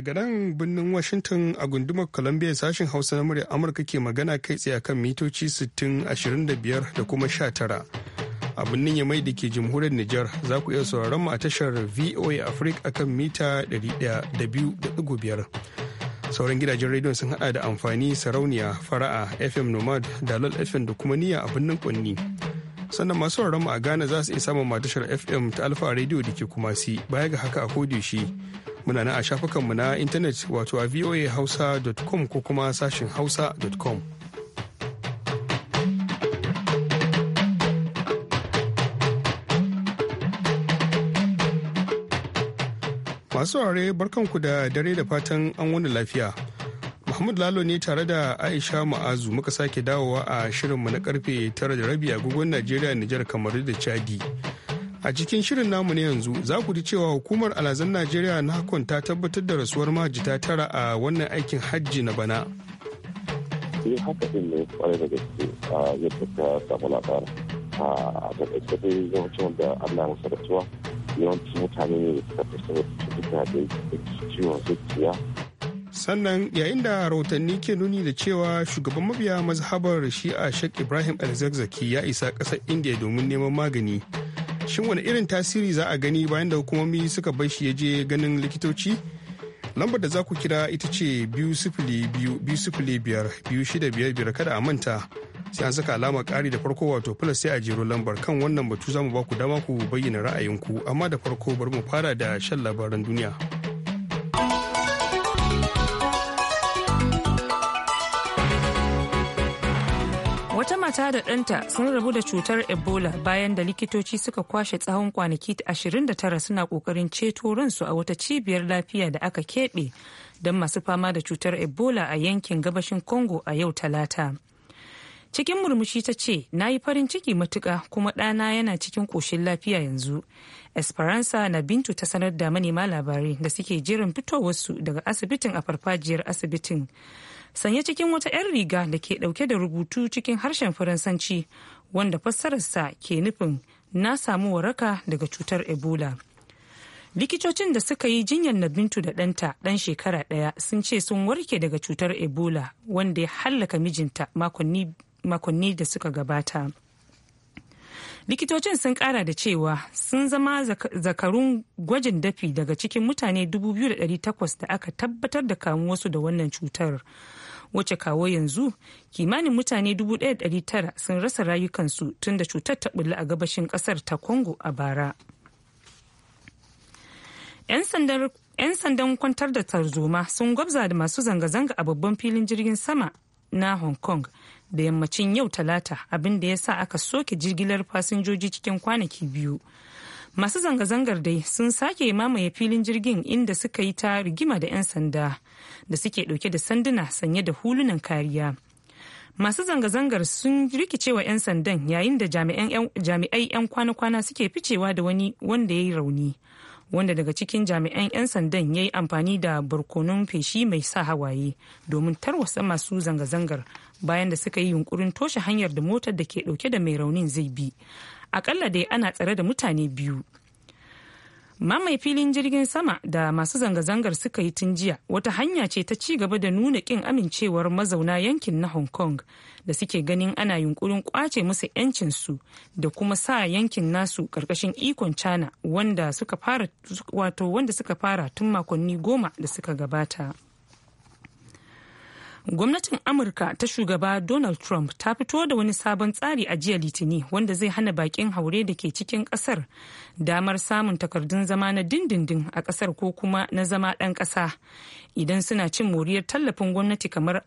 daga nan birnin Washington a gundumar Columbia sashen Hausa na murya Amurka ke magana kai tsaye kan mitoci 6025 da kuma 19. A birnin Yamai da ke jamhuriyar niger za ku iya sauraron mu a tashar VOA Africa kan mita 102.5. Sauran gidajen rediyon sun hada da amfani sarauniya fara'a FM Nomad Dalol FM da kuma niyya a birnin Kwanni. sannan masu mu a Ghana za su iya samun matashar FM ta Alfa rediyo da ke kuma baya ga haka a shi muna na a shafukanmu na intanet wato a voahausa.com ko kuma sashin hausa.com masu ware barkanku da dare da fatan an wani lafiya Mahmud Lalo ne tare da Aisha Ma'azu muka sake dawowa a shirinmu na karfe 9 da rabi agogon Najeriya, Nijar, kamar da Chadi. a cikin shirin namu ne yanzu za ku ji cewa hukumar alazan najeriya na hakon ta tabbatar da rasuwar majita tara a wannan aikin hajji na bana sannan yayin da rahotanni ke nuni da cewa shugaban mabiya mazhabar shi'a shek ibrahim al-zakzaki ya isa ƙasar india domin neman magani shin wani irin tasiri za a gani bayan da hukumomi suka bai shi ya je ganin likitoci lambar da za ku kira ita ce biyu sifili biyu biyu sifili biyar biyu shida biyar biyar kada a manta sai an saka alama ƙari da farko wato plus sai a jero lambar kan wannan batu za mu ba ku dama ku bayyana ra'ayinku amma da farko bari mu fara da shan labaran duniya. mata da ɗanta sun rabu da cutar ebola bayan da likitoci suka kwashe tsawon kwanaki 29 suna ƙoƙarin ceto ransu a wata cibiyar lafiya da aka keɓe don masu fama da cutar ebola a yankin gabashin congo a yau talata cikin murmushi ta ce na yi farin ciki matuka kuma ɗana yana cikin ƙoshin lafiya yanzu esperanza na bintu ta sanar da manema labarai da suke jiran fitowarsu daga asibitin a farfajiyar asibitin sanye cikin wata 'yan riga da ke dauke da rubutu cikin harshen faransanci wanda fassararsa ke nufin na samu waraka daga cutar ebola likitocin da suka yi jinyar na bintu da ɗanta dan shekara ɗaya sun ce sun warke daga cutar ebola wanda ya hallaka mijinta makonni da suka gabata likitocin sun kara da cewa sun zama zakarun gwajin dafi daga cikin mutane 2,800 da aka tabbatar da kamu wasu da wannan cutar wacce kawo yanzu kimanin mutane 1,900 sun rasa rayukansu tun da cutar ta bulla a gabashin kasar ta congo a bara 'yan sandan kwantar da tarzoma sun gwabza da masu zanga-zanga a babban filin jirgin sama na hong kong da yammacin yau talata abin da ya sa aka soke jigilar fasinjoji cikin kwanaki biyu masu zanga-zangar dai sun sake mamaye filin jirgin inda suka yi ta rigima da 'yan sanda da suke ɗauke da sanduna sanye da hulunan kariya. Masu zanga-zangar sun rikicewa 'yan sandan yayin da jami'ai 'yan kwana-kwana suke ficewa da wani wanda ya yi rauni. Wanda daga cikin jami'an 'yan sandan ya yi amfani da barkonon feshi mai sa hawaye domin tarwasa masu zanga-zangar bayan da suka yi yunkurin toshe hanyar da motar da ke dauke da mai raunin zai bi. Akalla dai ana tsare da mutane biyu. mamaye filin jirgin sama da masu zanga-zangar suka yi tun jiya wata hanya ce ta ci gaba da nuna kin amincewar mazauna yankin na hong kong da suke ganin ana yunkurin kwace musu su da kuma sa yankin nasu karkashin ikon china wanda suka fara tun makonni goma da suka gabata. Gwamnatin Amurka ta shugaba Donald Trump ta fito da wani sabon tsari a jiya Litini wanda zai hana bakin haure da ke cikin kasar damar samun takardun zama na dindindin a kasar ko kuma na zama dan kasa idan suna cin moriyar tallafin gwamnati kamar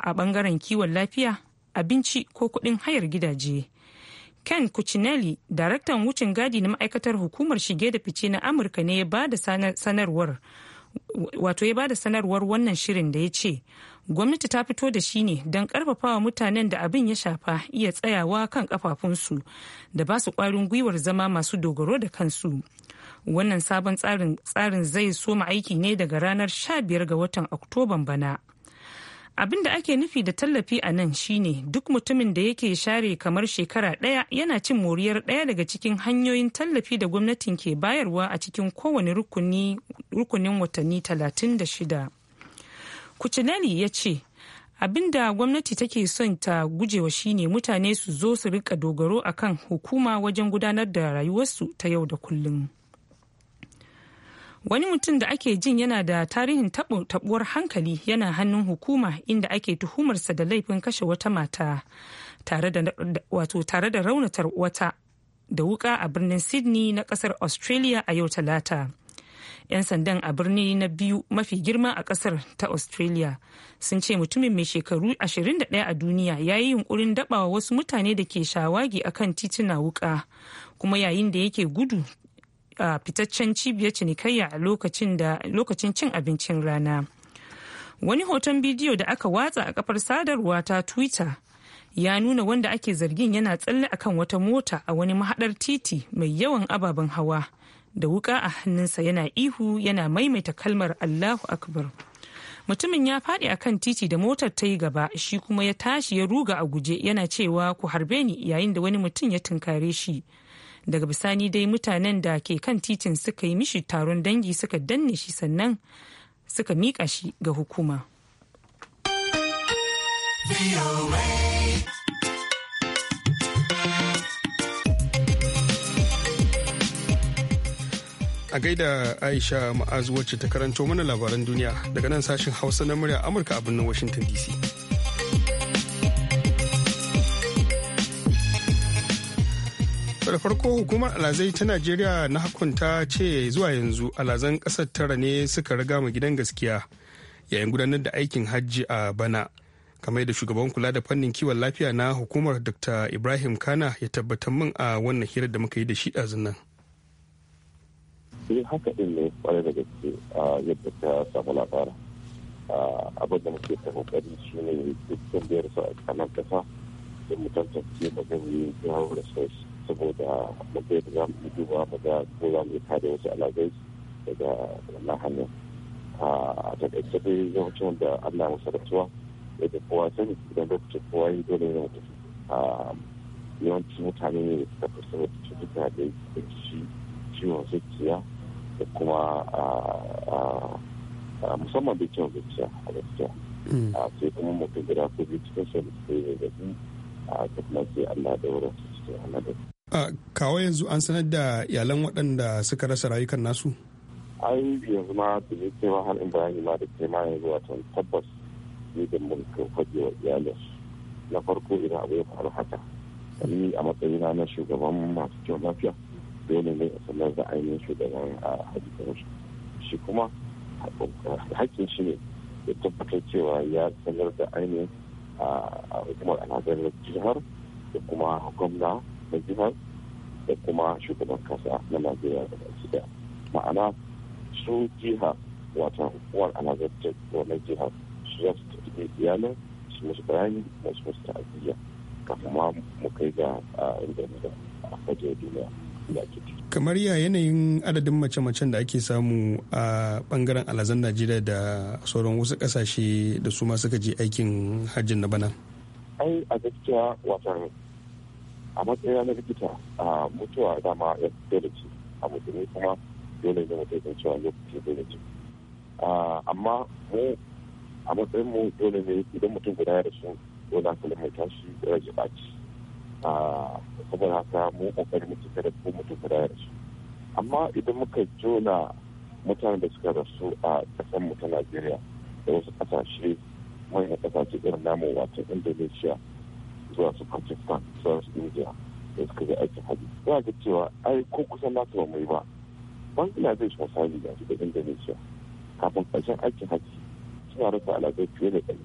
a bangaren kiwon lafiya, abinci ko kudin hayar gidaje. Ken Cuccinelli, daraktan wucin gadi na ma'aikatar hukumar shige da fice na Amurka ne ya ba da sanarwar wannan shirin da ya ce gwamnati ta fito da shi ne don karfafawa mutanen da abin ya shafa iya tsayawa kan kafafunsu da ba su kwarin gwiwar zama masu dogaro da kansu wannan sabon tsarin zai soma aiki ne daga ranar 15 ga watan oktoban bana abin da ake nufi da tallafi a nan shine duk mutumin da yake share kamar shekara ɗaya yana cin moriyar ɗaya daga cikin hanyoyin tallafi da gwamnatin ke bayarwa a cikin kowane rukunin watanni 36 kucinani ya ce abin da gwamnati take son ta gujewa shine mutane su zo su rika dogaro a kan hukuma wajen gudanar da rayuwarsu ta yau da kullum wani mutum da ake jin yana da tarihin tabuwar hankali yana hannun hukuma inda ake tuhumarsa da laifin kashe wata mata tare da raunatar wata da wuka a birnin sydney na kasar australia a yau talata 'yan sandan a birni na biyu mafi girma a kasar ta australia sun ce mutumin mai shekaru 21 a duniya ya yi yunkurin dabawa wasu mutane da ke shawagi akan tituna wuka kuma yayin da yake gudu a fitaccen cibiyar cinikayya a lokacin cin abincin rana wani hoton bidiyo da aka watsa a kafar sadarwa ta twitter ya nuna wanda ake zargin yana tsalle akan wata mota a wani mahadar titi mai yawan ababen hawa da wuka a hannunsa yana ihu yana maimaita kalmar Allahu Akbar. Mutumin ya faɗi akan titi da motar ta yi gaba shi kuma ya tashi ya ruga a guje yana cewa ku harbe ni yayin da wani mutum ya tunkare shi. Daga bisani dai mutanen da ke kan titin suka yi mishi taron dangi suka danne shi sannan suka miƙa shi ga hukuma. a gaida aisha ma'az wacce ta karanto mana labaran duniya daga nan sashen hausa na murya amurka a birnin washington dc da farko hukumar alazai ta najeriya na hakunta ce zuwa yanzu alazan kasar tara ne suka riga mu gidan gaskiya yayin gudanar da aikin hajji a bana kamar da shugaban kula da fannin kiwon lafiya na hukumar dr ibrahim kana ya tabbatar min a wannan hirar da muka yi da shi ɗazun nan sai eh, haka din ne kwarai da gaske yadda ta samu labarin abin da muke ta kokari shi ne duk biyar su a kanan kasa da mu tantance mu yi jawo da sai saboda mu da za mu yi duba mu ga ko za mu yi kare wasu alagai daga wannan hanyar a takaice dai yawancin da Allah musa da tuwa yadda kowa sani idan lokacin kowa yi dole ne mutum yawancin mutane ne da suka fi sanar da cututtuka da shi ciwon zuciya da kuma musamman bikin zuciya a gaskiya mm. sai kuma mutum gida ko biyu cikin shan sai da gaji a kuma sai allah da wurin su cikin allah a kawo yanzu an sanar da iyalan waɗanda suka rasa rayukan nasu ai yanzu ma da ne ce ma har in bayani ma da ke ma yanzu wato tabbas ne da mulkin kan na farko idan abu ya faru haka ni a matsayina na shugaban masu kyau lafiya dole ne a sanar da ainihin shugaban a hajjin shi kuma hakkin shi ne ya tabbatar cewa ya sanar da ainihin a hukumar alhazar jihar da kuma gwamna na jihar da kuma shugaban kasa na najeriya da baki ma'ana su jiha wata hukumar alhazar na jihar su za su tafi iyalin su musu bayani da su musu ta'aziyya kafin ma mu kai ga inda muka a duniya. kamar ya yanayin adadin mace-macen da ake samu a bangaren alazan najeriya da sauran wasu kasashe da su ma suka je aikin hajjin na bana ai a gaskiya watan a matsayin na likita a mutuwa dama ya dole ce a mutane kuma dole ne mutum ya cewa lokaci dole ce amma mu a matsayin mu dole ne idan mutum guda ya rasu dole kalin mai tashi ya rage ɓaci saboda haka mu kokari mutu kada ko mutu kada ya rasu amma idan muka jona mutanen da suka rasu a kasan mu ta Najeriya da wasu kasashe manyan kasashe irin namu wato Indonesia zuwa su Pakistan zuwa su India da suka yi aikin hajji za ga cewa ai ko kusan nasu ba mai ba Bangladesh misali yanzu da Indonesia kafin ƙarshen aikin hajji suna rasa alaƙar fiye da ɗari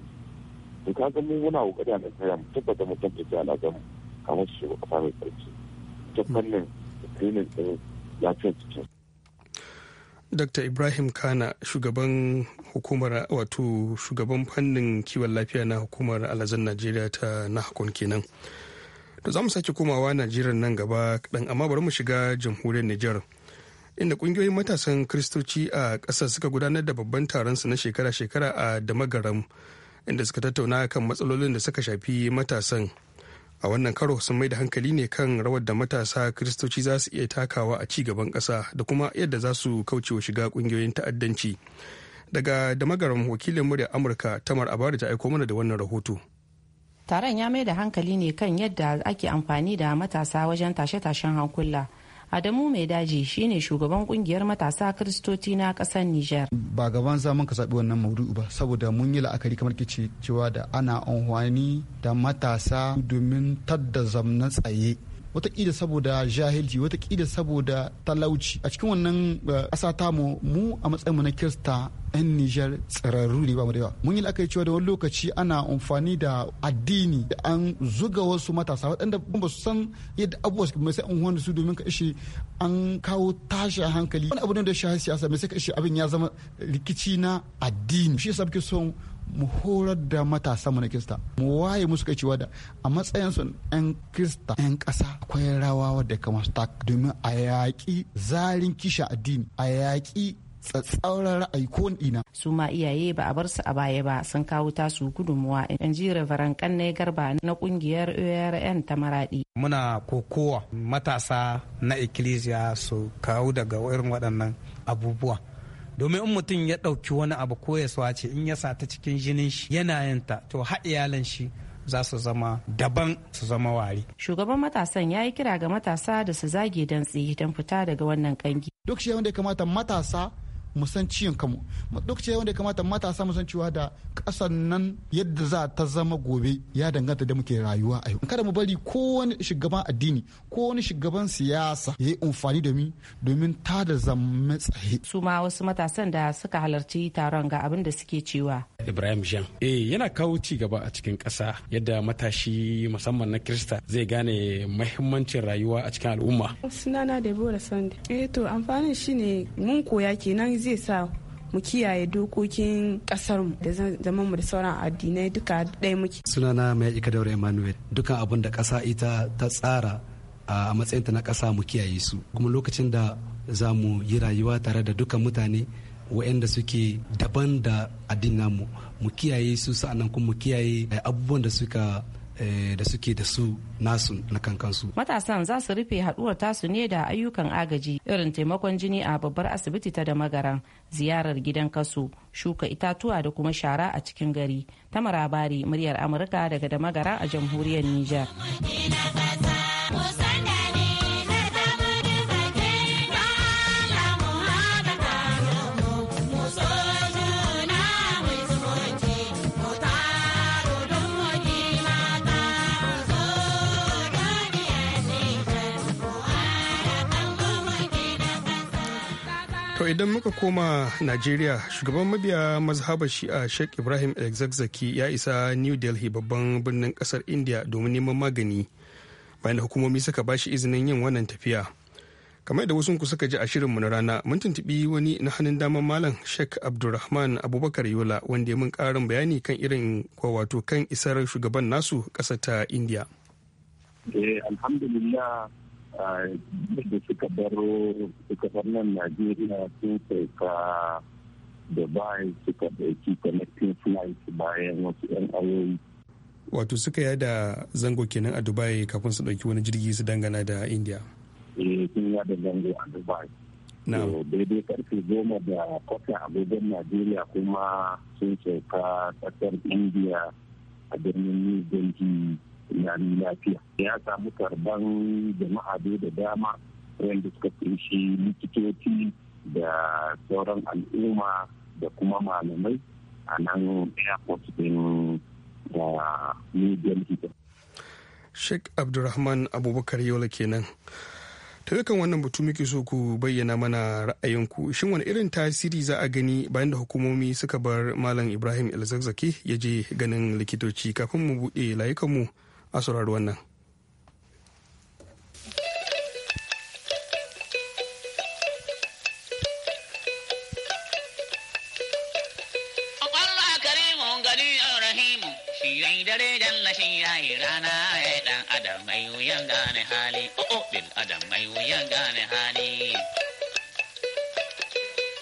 to ga mu muna ƙoƙari a Najeriya mu tabbata mu tabbata alaƙar mu kamar su kasa mai tsarki ta fannin screening din lafiyar cikin. Dr. Ibrahim Kana shugaban hukumar wato shugaban fannin kiwon lafiya na hukumar alazan Najeriya ta Nahakon kenan. To za mu sake komawa Najeriya nan gaba kadan amma bari mu shiga jamhuriyar Nijar. Inda kungiyoyin matasan Kiristoci a ƙasar suka gudanar da babban taron su na shekara-shekara a Damagaram inda suka tattauna kan matsalolin da suka shafi matasan. a wannan karo sun mai da hankali ne kan rawar da matasa kristoci za su iya takawa a ci gaban ƙasa da kuma yadda za su kaucewa shiga ƙungiyoyin ta'addanci daga damagaram wakilin murya amurka tamar abari ta aiko mana da wannan rahoto taron ya mai da hankali ne kan yadda ake amfani da matasa wajen tashe-tashen hankula Adamu Mai Daji shine shugaban kungiyar matasa Kristoci na kasar Nijar. Ba gaban zaman ka zaɓi wannan maudu'u ba saboda mun yi la'akari kamar ke cewa da ana anhwani da matasa domin tadda zamna tsaye watakila saboda jahilci watakila saboda talauci a cikin wannan eh, ƙasa ta mu a matsayinmu na kirista 'yan Nijar tsirarru ne ba mu da Mun yi la'akari cewa da wani lokaci ana amfani da addini da an zuga wasu matasa waɗanda ba su san yadda abubuwa su mai sai an wani su domin ka ishe an kawo tashin hankali. Wani abu ne da shahararri siyasa mai sai ka ishe abin ya zama rikici na addini. Shi yasa muke son mu horar da matasanmu na kirista mu waye musu kai cewa da a matsayinsu 'yan kirista 'yan ƙasa akwai rawa wadda kama su domin a yaƙi zarin kisha addini a yaƙi tsatsauran ra'ayi ko ina. su ma iyaye ba a bar su a baya ba sun kawo tasu gudunmuwa in ji rabaran kanne garba na kungiyar orn ta maradi. muna kokowa matasa na ikkilisiya su kawo daga irin waɗannan abubuwa domin in mutum ya ɗauki wani abu ko ya swace in ya sa ta cikin jinin shi yana yanta to har iyalan shi za su zama daban su zama wari. Shugaban matasan ya yi kira ga matasa da su zage dantse don fita daga wannan kangi. Duk shi wanda ya kamata matasa mu san ciyon kamu mu ce wanda ya kamata matasa mu san cewa da kasan nan yadda za ta zama gobe ya danganta da muke rayuwa a yau kada mu bari ko wani shugaban addini ko wani shugaban siyasa ya yi amfani da mi domin ta da zama tsaye su ma wasu matasan da suka halarci taron ga abin da suke cewa Ibrahim Jean eh yana kawo ci gaba a cikin ƙasa yadda matashi musamman na Krista zai gane mahimmancin rayuwa a cikin al'umma sunana Deborah sande eh to amfanin shine mun koya kenan zai sa mu kiyaye dokokin ƙasarmu da zaman mu da sauran addinai duka ɗaya muke. na mai ika daura Emmanuel dukan abin da ƙasa ita ta tsara a matsayinta na kasa mu kiyaye su kuma lokacin da za mu yi rayuwa tare da dukan mutane waɗanda suke daban da addinin mu mu kiyaye su sa'annan kuma mu kiyaye eh, abubuwan da suka Eh, da suke da su nasu na kankansu. Matasan za su rufe haduwar tasu ne da ayyukan agaji irin taimakon jini a babbar asibiti ta da magaran ziyarar gidan kaso shuka itatuwa da kuma shara a cikin gari. Tamara Bari muryar Amurka daga da magara a jamhuriyar Nijar. idan muka koma Najeriya, shugaban mabiya mazhabar shi'a Sheikh Ibrahim Elzakzaki ya isa New Delhi babban birnin kasar India domin neman magani bayan da hukumomi suka bashi izinin yin wannan tafiya. Kamar da wasunku suka ji a shirinmu na rana, mun tuntubi wani na hannun daman malam Sheikh Abdulrahman Abubakar Yola wanda ya mun karin bayani kan irin wato kan isar shugaban nasu ƙasar ta India. Eh, alhamdulillah da suka baro suka bar nan najeriya sun sauka da bayan suka ɗauki connecting flight bayan wasu 'yan ayoyi. wato suka yada zango kenan a dubai kafin su ɗauki wani jirgi su dangana da india eh sun yada zango a dubai na daidai karfe goma da kwata agogon najeriya kuma sun sauka ƙasar india a birnin new delhi lami lafiya ya samu karban jama'a dai da dama wanda suka kunshi likitoci da sauran al'umma da kuma malamai a nan airport din da new delhi sheikh abdulrahman abubakar yola kenan ta dukan wannan batu muke so ku bayyana mana ra'ayinku shin wani irin tasiri za a gani bayan da hukumomi suka bar malam ibrahim elzazzaki ya je ganin likitoci kafin mu buɗe layukanmu a saurari wannan dare jalla shi yayi rana oh, oh,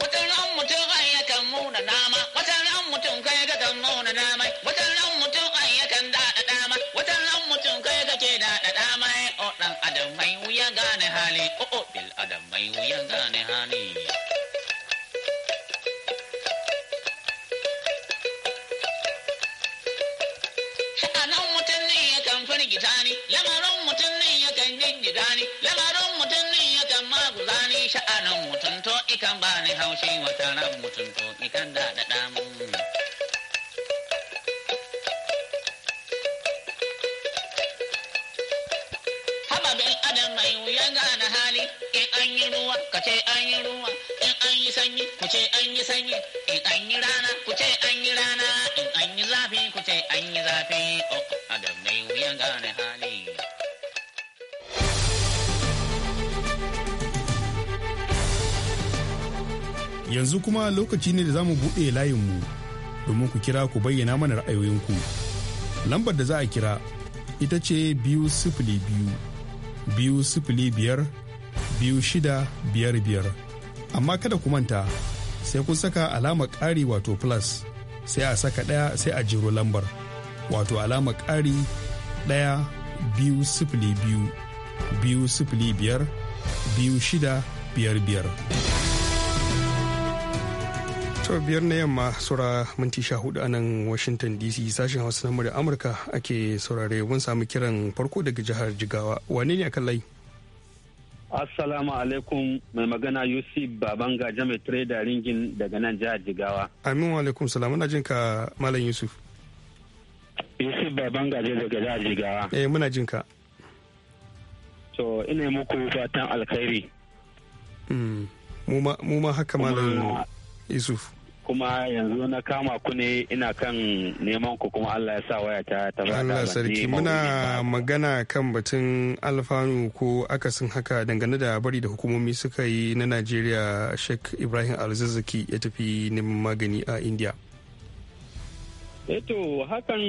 ran mutum ai yakan muna dama watan ran mutum kai ga ran dama Ake da da mai o ɗan adam mai wuya gane hali o o bil adam mai wuya gane hali sha'anan mutum ne yakan firgita ni lamarin mutum ne kan jijjiga ni lamarin mutum ne kan maguza ni sha'anan mutum to ikan bani haushi wata ran mutum to ikan da da sanyi yanzu kuma lokaci ne da za mu buɗe layinmu domin ku kira ku bayyana mana ra'ayoyinku lambar da za a kira ita ce biyu sifili biyu biyu amma kada ku manta sai kun saka alama ƙari wato plus sai a saka ɗaya sai a jiro lambar wato alama ƙari ɗaya biyu sifili biyu biyu sifili biyar biyu shida biyar biyar. to biyar na yamma saura minti sha hudu a nan washington dc sashen hausa na murya amurka ake saurare mun samu kiran farko daga jihar jigawa wane ne a kan layi Assalamu alaikum mai magana Yusuf Babanga Jame Trader Ringin daga nan jihar Jigawa. Aminu wa alaikum salam muna jin ka Malam Yusuf. Yusuf Babanga ne daga jihar Jigawa. Eh muna jinka. To ina muku fatan alkhairi. Hmm. Mu ma haka Malam Yusuf. kuma yanzu na kama ku ne ina kan neman ku kuma Allah ya sa waya ta ta Allah sarki muna magana kan batun alfanu ko akasin haka dangane da bari da hukumomi suka yi na Najeriya Sheikh Ibrahim Alzazzaki ya tafi neman magani a India. Eto eh hakan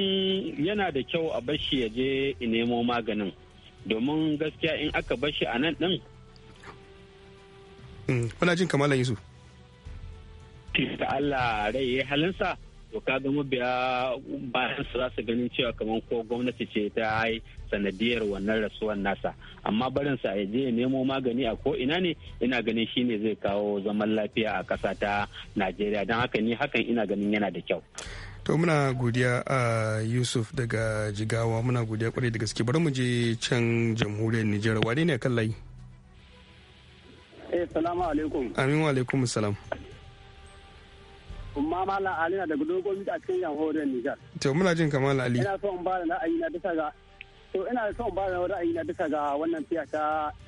yana da kyau a bashi ya je nemo maganin domin gaskiya in aka bashi a nan din. Hmm, kuna jin kamalan Yusuf. da Allah rai ya halinsa to ka ga mabiya bayan su za su ganin cewa kamar ko gwamnati ce ta yi sanadiyar wannan rasuwar nasa amma barin sa ya je ya nemo magani a ko ina ne ina ganin shine zai kawo zaman lafiya a ƙasa ta Najeriya don haka ni hakan ina ganin yana da kyau to muna godiya a Yusuf daga Jigawa muna godiya kwarai da gaske bari mu je can jamhuriyar Nijar wane ne kan layi eh salamu alaikum amin wa alaikum salam amma malam ali na daga dogon a cikin jamhuriyar nijar to muna jin kamar ali ina son ba da ra'ayi na bisa ga to ina son ba da ra'ayi na bisa ga wannan fiya ta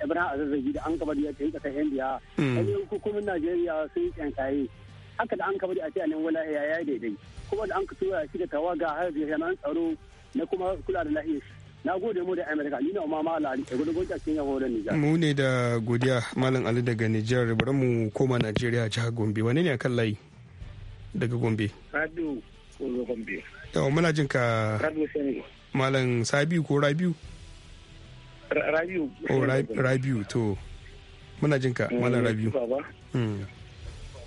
ibrahim azazzagi da an kabar ya ta yi kasar indiya hmm. wani hukumin najeriya sun yi kyankaye haka da an kabar a cikin wala ya yayi daidai kuma da an ka tura shi da tawaga har da jami'an tsaro na kuma kula da lahiyar na gode mu da amerika ni na umar malam ali da gudun a cikin yahudan nijar mu ne da godiya malam ali daga nijar bari mu koma najeriya jihar gombe wani ne a kan layi daga Gombe. Rabiu Kolo Gombe. Yawa muna jin ka Malam Sabiu ko Rabiu? Rabiu. Oh Rabiu to. Muna jin ka Malam mm, Rabiu. Mm.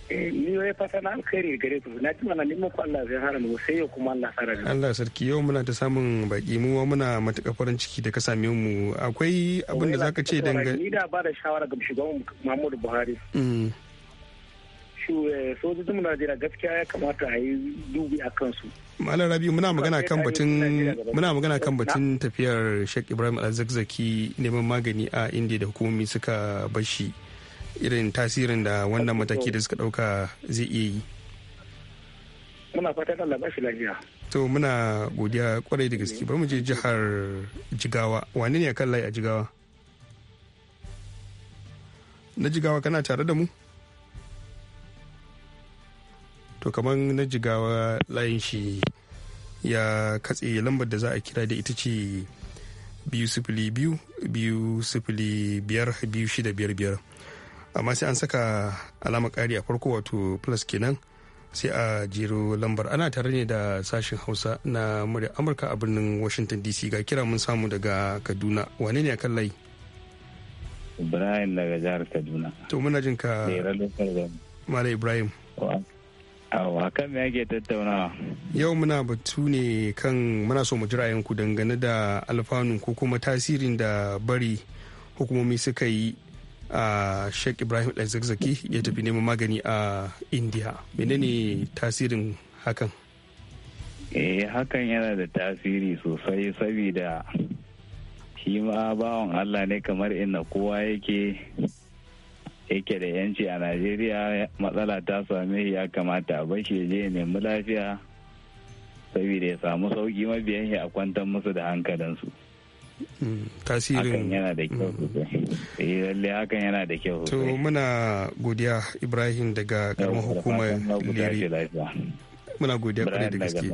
Eh, ni yau ya fata na alkhairi gare ku na tuna na neman ku Allah zai hana mu sai yau kuma Allah sarari. Allah sarki yau muna ta samun baki mu muna matuƙar farin ciki da ka same mu akwai abin da zaka ce dangane. Ni da ba da shawara ga shugaban Muhammadu Buhari. Mm. sojojin Najeriya gaskiya ya kamata a yi dubi a kansu. Malam Rabi muna magana kan batun muna magana kan batun tafiyar Sheikh Ibrahim Al-Zakzaki neman magani a indiya da hukumomi suka bashi irin tasirin da wannan mataki da suka dauka zai iya yi. Muna fatan Allah ba shi lafiya. To muna godiya kwarai da gaske bari mu je jihar Jigawa wane ne kan layi a Jigawa? Na Jigawa kana tare da mu? to kamar na jigawa layin shi ya katse lambar da za a kira da ita ce biyu sifili biyu biyu sifili biyar biyu shida biyar biyar amma sai an saka alama kari a farko wato plus kenan sai a jero lambar ana tare ne da sashen hausa na murya amurka a birnin washington dc ga kira mun samu daga kaduna wane ne a kan ibrahim daga jihar kaduna to muna jin ka mala ibrahim Awa kan me ake tattaunawa? Yau muna batu ne kan muna so mu jirayen ku dangane da alfanu ko kuma tasirin da bari hukumomi suka yi a Sheikh Ibrahim Zakzaki ya tafi neman magani a India. Menene tasirin hakan? Eh hakan yana da tasiri sosai saboda shi ma bawan Allah ne kamar inda kowa yake yake da yanci a najeriya matsala ta same ya kamata a bashi je nemi lafiya saboda ya samu sauki mabiyan shi a kwantar musu da hankalinsu mm, tasirin yana da kyau mm. eh, lalle hakan yana da kyau to muna godiya ibrahim daga karamar hukumar liri muna godiya kwarai da gaske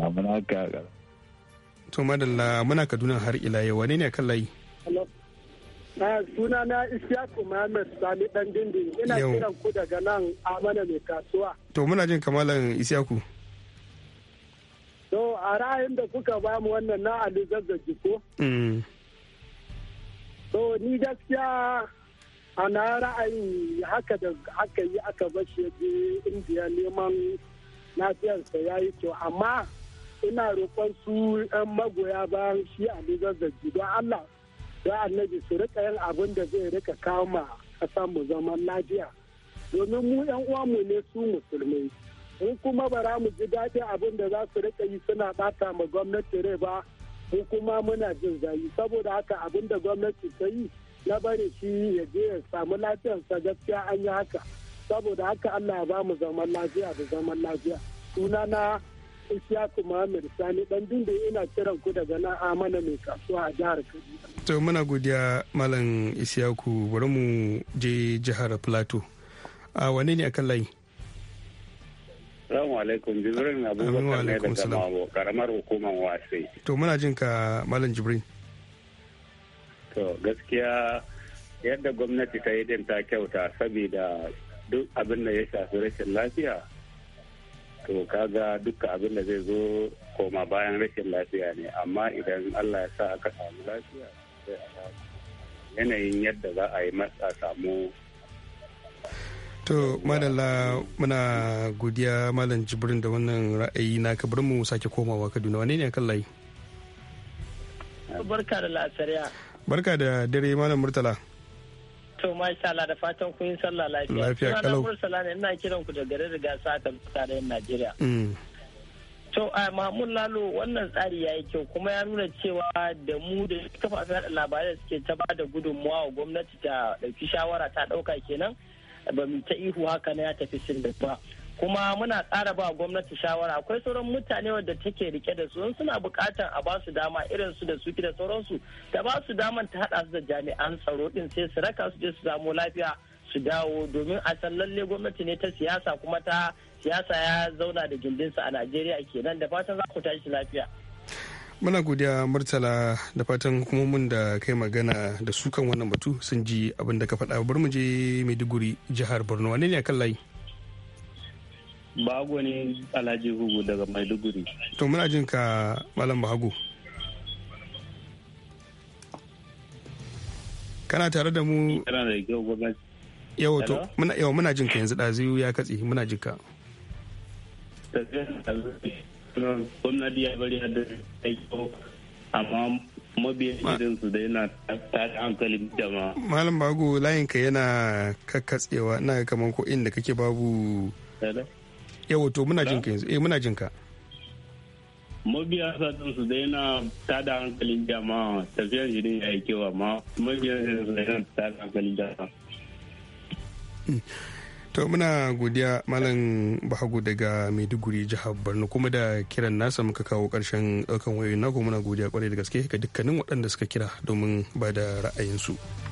to madalla muna kaduna har ila yau wane ne kan layi suna na Ishaku Muhammad Sani dan dindin ina kiran ku daga nan Amana mai kasuwa. To muna jin kamalan Ishaku. To a ra'ayin da kuka ba mu wannan na Ali Zazzaji ko? Mm. To ni gaskiya a na ra'ayin haka da aka yi aka shi je Indiya neman lafiyarsa ya yi kyau amma ina roƙon su 'yan magoya ba shi Ali Zazzaji don Allah don annabi su rika yin abin da zai rika kawo ma kasa mu zaman lafiya domin mu yan uwa mu ne su musulmai in kuma bara mu ji daɗi abin da za su rika yi suna ɓata ma gwamnati rai ba mu kuma muna jin zayi saboda haka abin da gwamnati ta yi na bari shi ya je ya samu lafiyarsa gaskiya an yi haka saboda haka Allah ya ba mu zaman lafiya da zaman lafiya sunana Isiyaku Muhammad Sani dan dunda ina kiran ku daga nan Amana mai kasuwa a jihar Kaduna. To muna godiya Malam Isiyaku bari mu je jihar Plateau. A wane ne akan layi? Salamu alaikum Jibrin Abubakar ne daga Mabo karamar hukumar wasai. To muna jin ka Malam Jibrin. To gaskiya yadda gwamnati ta yi din ta kyauta saboda duk abin da ya shafi rashin lafiya to kaga duka abin da zai zo koma bayan rashin lafiya ne amma idan allah ya sa aka samu lafiya sai a yanayin yadda za a yi matsa samu To madalla muna godiya malam jibrin da wannan ra'ayi na ka mu sake komawa Kaduna wane ne kan layi? Barka da lasariya. Barka da dare malam Murtala. To masha Allah da fatan kun yi sallah lafiya. Lafiya kalau. Sunana Mursala ne ina kiran ku da garin Rigasa ta yin Najeriya. Mm. To a Mamun Lalo wannan tsari ya yi kyau kuma ya nuna cewa da mu da kafafen da labarai suke ta ba da gudunmawa wa gwamnati ta ɗauki shawara ta ɗauka kenan ba mu ta ihu haka na ya tafi sirri ba. kuma muna ƙara ba gwamnati shawara akwai sauran mutane wadda take rike da su suna bukatar a ba su dama irin su da suke da sauransu ta ba su daman ta haɗa su da jami'an tsaro din sai su raka su je su samu lafiya su dawo domin a san lalle gwamnati ne ta siyasa kuma ta siyasa ya zauna da gindin su a najeriya kenan da fatan za ku tashi lafiya muna godiya murtala da fatan hukumomin da kai magana da su kan wannan batu sun ji abin da ka faɗa bari mu je maiduguri jihar borno wane ne a kan layi Bago ne Alhaji Hugu daga Maiduguri. To muna jin ka Malam Bahago. Kana tare da mu? Yau to muna yau muna jin ka yanzu ɗazu ya katse muna jin ka. Gwamnati ya yana jama'a. Malam Bago layinka yana kakkatsewa ina kamar ko inda kake babu. yawo to muna jinka yanzu eh muna jinka mabiya sadin su na tada hankalin jama'a tafiyar shi ne ya yi kewa ma mabiya sadin su na tada hankalin jama'a hmm. to muna godiya malam bahagu daga maiduguri jihar borno kuma da kiran nasa muka kawo karshen daukan wayoyin naku muna godiya kwarai da gaske ga dukkanin waɗanda suka kira domin ba da ra'ayinsu. su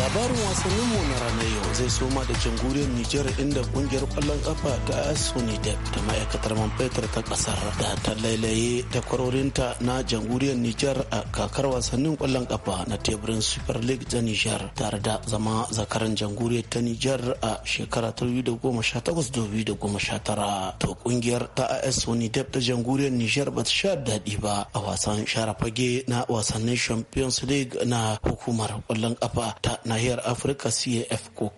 labarin wasannin mu na ranar yau zai soma da jamhuriyar Nijar inda kungiyar kwallon kafa ta Sonidep ta ma'aikatar man fetur ta kasar da ta lailaye takwarorinta na jamhuriyar Nijar a kakar wasannin kwallon kafa na teburin Super League ta Nijar tare da zama zakaran jamhuriyar ta Nijar a shekara ta 2018-2019 to kungiyar ta AS Sonidep ta jamhuriyar Nijar ba ta sha daɗi ba a wasan share fage na wasannin Champions League na hukumar kwallon kafa ta nahiyar afirka caf ko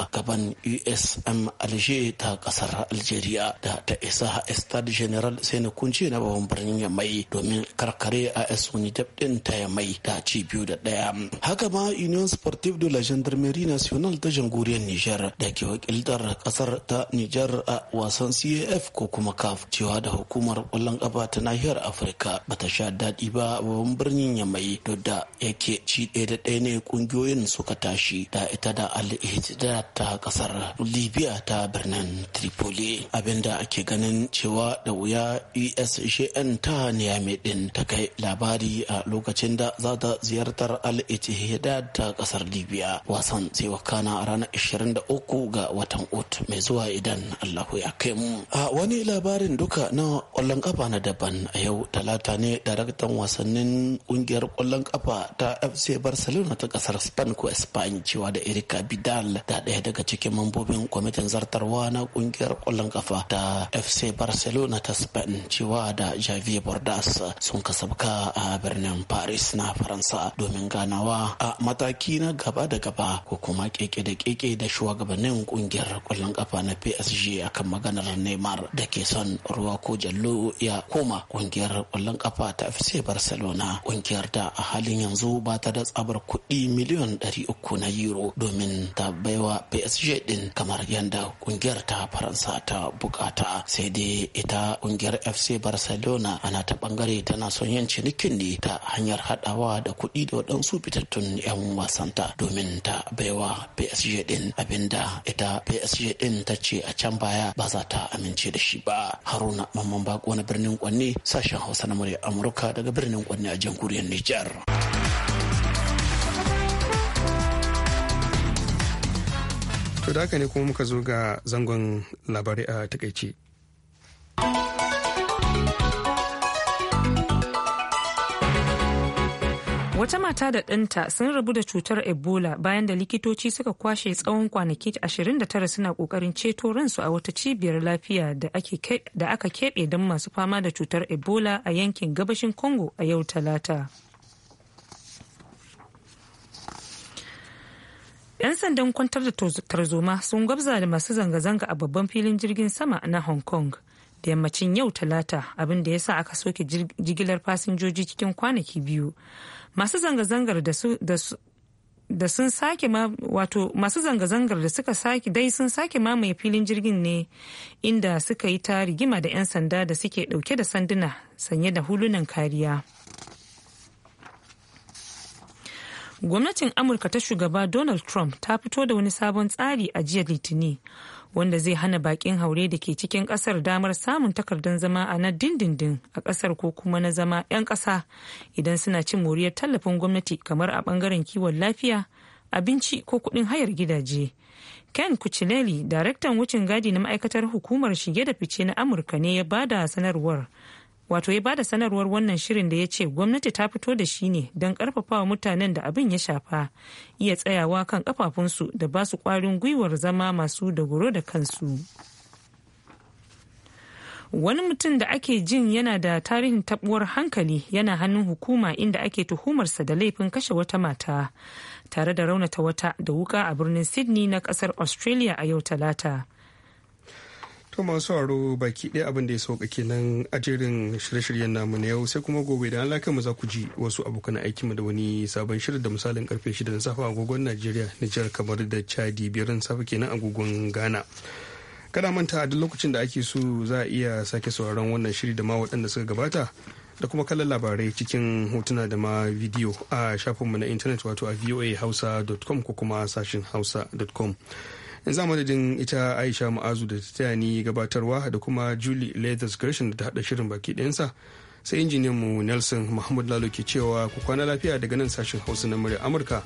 a gaban usm alger ta kasar algeria da ta isa a estad general sai na kunce na babban birnin ya mai domin karkare as wani din ta yamai da ci biyu da daya haka ma union sportive de la gendarmerie nationale ta jamhuriyar niger da ke wakiltar kasar ta niger a wasan caf ko kuma caf cewa da hukumar kwallon kafa ta nahiyar afirka bata sha daɗi ba babban birnin yamai duk da yake ci ɗaya da ɗaya ne kungiyoyin suka aikata shi da ita da al ta kasar libya ta birnin tripoli abinda ake ganin cewa da wuya usjn e ta niyame din ta kai labari a lokacin da za ta ziyartar al ta kasar libya wasan zai wakana a ranar 23 ga watan ut mai zuwa idan allahu ya kai mu a wani labarin duka na kwallon kafa na daban a yau talata ne daraktan wasannin kungiyar kwallon kafa ta fc barcelona ta kasar spain ko spain cewa da erika vidal da ɗaya daga cikin mambobin kwamitin zartarwa na ƙungiyar ƙwallon ƙafa ta fc barcelona ta spain cewa da javier bordas sun kasabka a birnin paris na faransa domin ganawa a mataki na gaba da gaba ko kuma keke da keke da shugabannin ƙungiyar ƙwallon ƙafa na psg akan maganar neymar da ke son ruwa ko jallo ya koma Ƙungiyar ƙwallon ƙafa ta fc barcelona ƙungiyar da a halin yanzu ba ta da tsabar kuɗi miliyan 300 uku na euro domin ta baiwa PSG din kamar yadda kungiyar ta Faransa ta bukata sai dai ita kungiyar FC Barcelona ana ta bangare tana son yin cinikin ne ta hanyar hadawa da kuɗi da waɗansu fitattun 'yan wasanta domin ta baiwa PSG din abinda ita PSG din ta ce a can baya ba za ta amince da shi ba haruna mamman bako na birnin kwanne sashen hausa na murya amurka daga birnin kwanne a jamhuriyar nijar to da haka ne kuma muka zo ga zangon labarai a takaice Wata mata da ɗanta sun rabu da cutar Ebola bayan da likitoci suka kwashe tsawon kwanaki 29 suna ƙoƙarin ceto ransu a wata cibiyar lafiya da aka keɓe don masu fama da cutar Ebola a yankin gabashin Congo a yau Talata. 'Yan sandan kwantar da tarzoma sun gwabza da masu zanga-zanga a babban filin jirgin sama na Hong Kong da yammacin yau talata abin da ya sa aka soke jigilar fasinjoji cikin kwanaki biyu. Masu zanga-zangar da sun sake wato masu zanga-zangar da suka sake dai sun sake mamaye filin jirgin ne inda suka yi ta rigima da 'yan sanda da suke dauke da sanduna sanye da hulunan kariya. gwamnatin amurka ta shugaba donald trump ta fito da wani sabon tsari a jiya litini wanda zai hana bakin haure da ke cikin kasar damar samun takardar zama a na dindindin a kasar ko kuma na zama 'yan kasa idan suna cin moriyar tallafin gwamnati kamar a bangaren kiwon lafiya abinci ko kudin hayar gidaje ken kuchileli daraktan wucin gadi na ma'aikatar hukumar shige da fice na amurka ne ya bada sanarwar wato ya bada sanarwar wannan shirin da ya ce gwamnati ta fito da shi ne don karfafawa mutanen da abin ya shafa iya tsayawa kan kafafunsu da ba su kwarin gwiwar zama masu dogoro da kansu wani mutum da ake jin yana da tarihin tabuwar hankali yana hannun hukuma inda ake tuhumarsa da laifin kashe wata mata tare da raunata wata da wuka a birnin sydney na kasar australia a yau talata To masu sauraro baki ɗaya abin da ya sauka kenan a jerin shirye-shiryen namu na yau sai kuma gobe da Allah mu za ku ji wasu abokan mu da wani sabon shirin da misalin karfe shida na safa agogon Najeriya, Nijar kamar da Chadi biyar na kenan agogon Ghana. Kada manta a duk lokacin da ake so za a iya sake sauraron wannan shiri da ma waɗanda suka gabata da kuma kallon labarai cikin hotuna da ma bidiyo a shafinmu na intanet wato a voahausa.com ko kuma sashin hausa.com. yanzu a madadin ita aisha ma'azu da ta ni gabatarwa da kuma julie leathers gershon da ta hada shirin baki ɗayansa sai injiniyan mu nelson mahmud lalo ke cewa ku kwana lafiya daga nan sashen hausa na murya amurka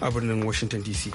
a birnin washington dc